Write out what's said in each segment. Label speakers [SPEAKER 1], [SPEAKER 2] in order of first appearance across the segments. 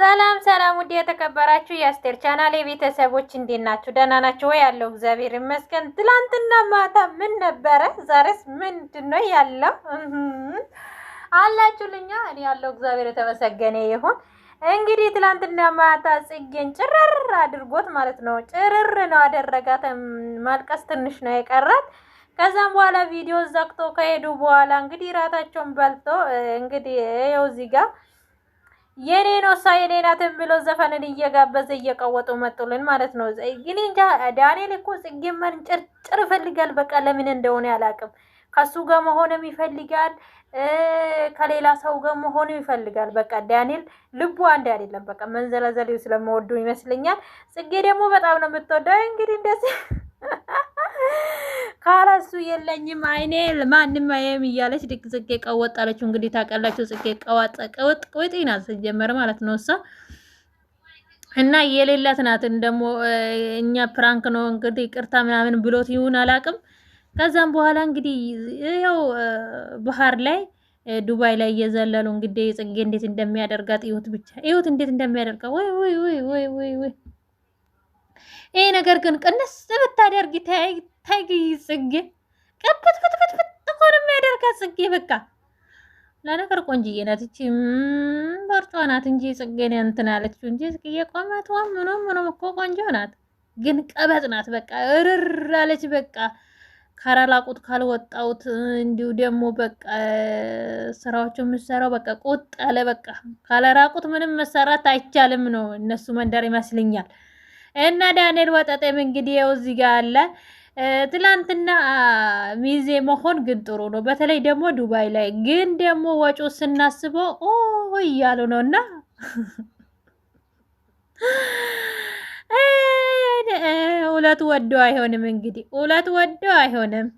[SPEAKER 1] ሰላም ሰላም፣ ውድ የተከበራችሁ የአስቴር ቻናሌ ቤተሰቦች እንዴት ናችሁ? ደህና ናችሁ ወይ? ያለው እግዚአብሔር ይመስገን። ትላንትና ማታ ምን ነበረ? ዛሬስ ምንድን ነው ያለው? አላችሁልኛ? እኔ ያለው እግዚአብሔር የተመሰገነ ይሁን። እንግዲህ ትላንትና ማታ ጽጌን ጭርር አድርጎት ማለት ነው፣ ጭርር ነው አደረጋት። ማልቀስ ትንሽ ነው የቀራት። ከዛም በኋላ ቪዲዮ ዘግቶ ከሄዱ በኋላ እንግዲህ ራታቸውን በልቶ እንግዲህ ይኸው እዚህ ጋር የኔ ነው እሷ የኔ ናት የሚለው ዘፈንን እየጋበዘ እየቀወጡ መጡልን ማለት ነው። ግን እንጃ ዳንኤል እኮ ጽጌመን ጭርጭር ይፈልጋል። በቃ ለምን እንደሆነ አላውቅም። ከሱ ጋር መሆንም ይፈልጋል፣ ከሌላ ሰው ጋር መሆንም ይፈልጋል። በቃ ዳንኤል ልቡ አንድ አይደለም። በቃ መንዘላዘሌው ስለመወዱ ይመስለኛል። ጽጌ ደግሞ በጣም ነው የምትወደው እንግዲህ እንደዚህ ካላሱ የለኝም አይኔ ማንም አየም እያለች ድግ ጽጌ ቀወጣለች። እንግዲህ ታቀላችሁ ጽጌ ቀዋጥ ቀውጥ ቁጥ ይናል ስትጀመር ማለት ነው እሷ እና የሌላት ናትን ደግሞ እኛ ፕራንክ ነው እንግዲህ ቅርታ ምናምን ብሎት ይሁን አላቅም። ከዛም በኋላ እንግዲህ ይኸው ባህር ላይ ዱባይ ላይ እየዘለሉ እንግዲህ ጽጌ እንዴት እንደሚያደርጋት ይሁት ብቻ ይሁት እንዴት እንደሚያደርጋት ወይ ወይ ወይ ወይ ወይ ይሄ ነገር ግን ቅንስ ብታደርጊ ተያይ ተጊ ጽጌ ቀብት ክትክት ፍጥኮን የሚያደርጋት ጽጌ በቃ ለነገር ቆንጅዬ ናት እቺ በርጫ ናት እንጂ ጽጌን እንትን አለችው እንጂ ጽጌ ቆመቷ ምኑም ምኑም እኮ ቆንጆ ናት፣ ግን ቀበጥ ናት። በቃ እርር አለች። በቃ ካራላቁት ካልወጣውት እንዲሁ ደግሞ በቃ ስራዎቹ የምሰራው በቃ ቁጥ ያለ በቃ ካላራቁት ምንም መሰራት አይቻልም ነው እነሱ መንደር ይመስልኛል። እና ዳንኤል ወጠጤም እንግዲህ ያው እዚህ ጋር አለ ትላንትና ሚዜ መሆን ግን ጥሩ ነው። በተለይ ደግሞ ዱባይ ላይ ግን ደግሞ ወጩ ስናስበው ኦ እያሉ ነው እና ሁለት ወዶ አይሆንም እንግዲህ ሁለት ወዶ አይሆንም።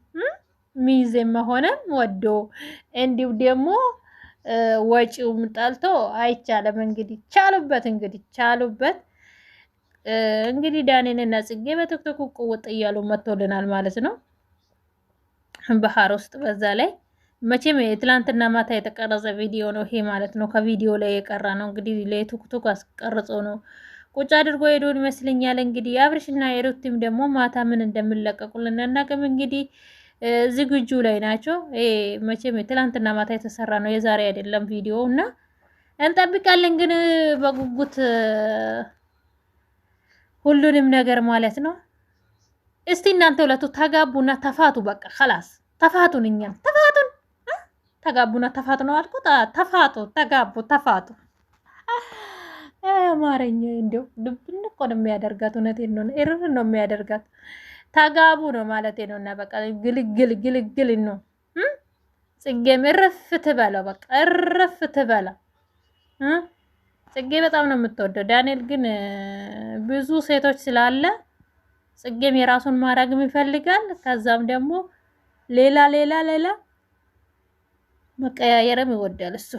[SPEAKER 1] ሚዜ መሆንም ወዶ እንዲሁ ደግሞ ወጪውም ጠልቶ አይቻልም። እንግዲህ ቻሉበት እንግዲህ ቻሉበት። እንግዲህ ዳኔንና ጽጌ በትክትክ ቁውጥ እያሉ መጥቶልናል ማለት ነው። ባህር ውስጥ በዛ ላይ መቼም የትላንትና ማታ የተቀረጸ ቪዲዮ ነው ይሄ ማለት ነው። ከቪዲዮ ላይ የቀራ ነው እንግዲህ ለቱክቱክ አስቀርጾ ነው ቁጭ አድርጎ ሄዶን ይመስለኛል። እንግዲህ አብርሽና የሩቲም ደግሞ ማታ ምን እንደምለቀቁልን እናቅም። እንግዲህ ዝግጁ ላይ ናቸው። መቼም የትላንትና ማታ የተሰራ ነው የዛሬ አይደለም ቪዲዮ እና እንጠብቃለን ግን በጉጉት ሁሉንም ነገር ማለት ነው። እስቲ እናንተ ሁለቱ ተጋቡና ተፋቱ። በቃ ከላስ ተፋቱን፣ እኛ ተፋቱን፣ ተጋቡና ተፋቱ ነው አልኩት። ተፋቱ፣ ተጋቡ፣ ተፋቱ። አማረኛ እንዲያው ልብን እኮ ነው የሚያደርጋት። እውነቴን ነው፣ እርር ነው የሚያደርጋት። ተጋቡ ነው ማለት ነው። እና በቃ ግልግል ግልግል ነው። ጽጌም እርፍ ትበላ፣ በቃ እርፍ ትበላ። ጽጌ በጣም ነው የምትወደው። ዳንኤል ግን ብዙ ሴቶች ስላለ ጽጌም የራሱን ማድረግም ይፈልጋል። ከዛም ደግሞ ሌላ ሌላ ሌላ መቀያየርም ይወዳል እሱ።